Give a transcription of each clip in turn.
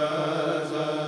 za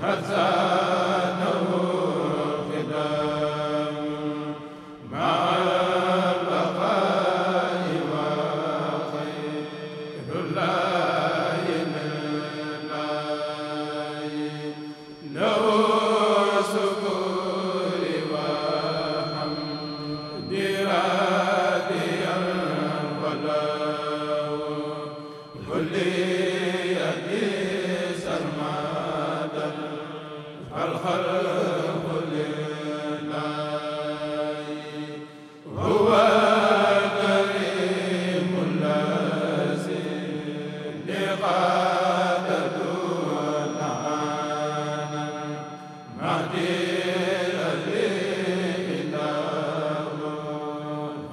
hasan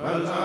wal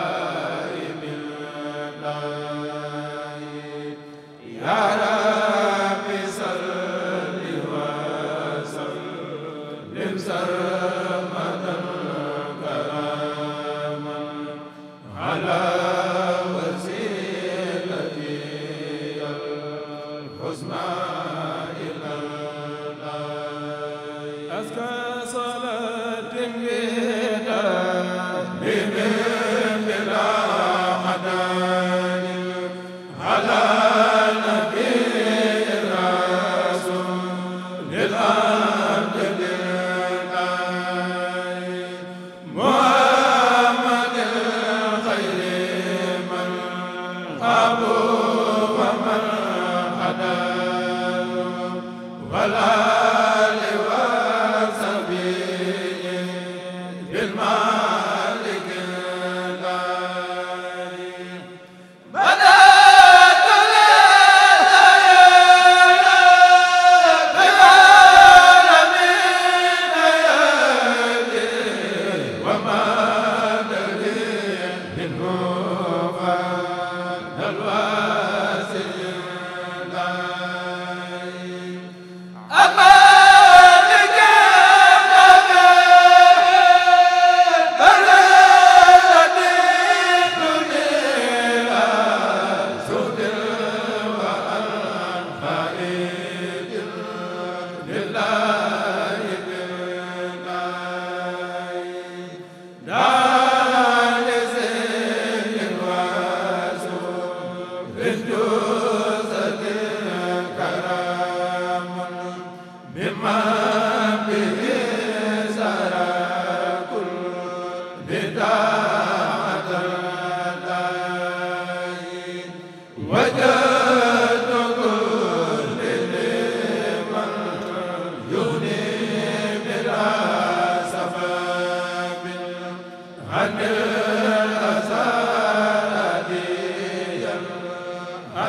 wala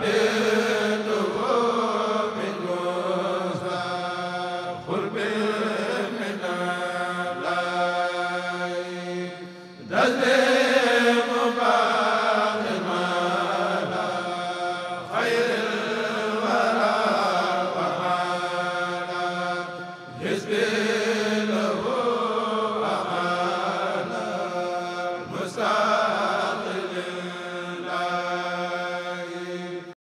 rabbi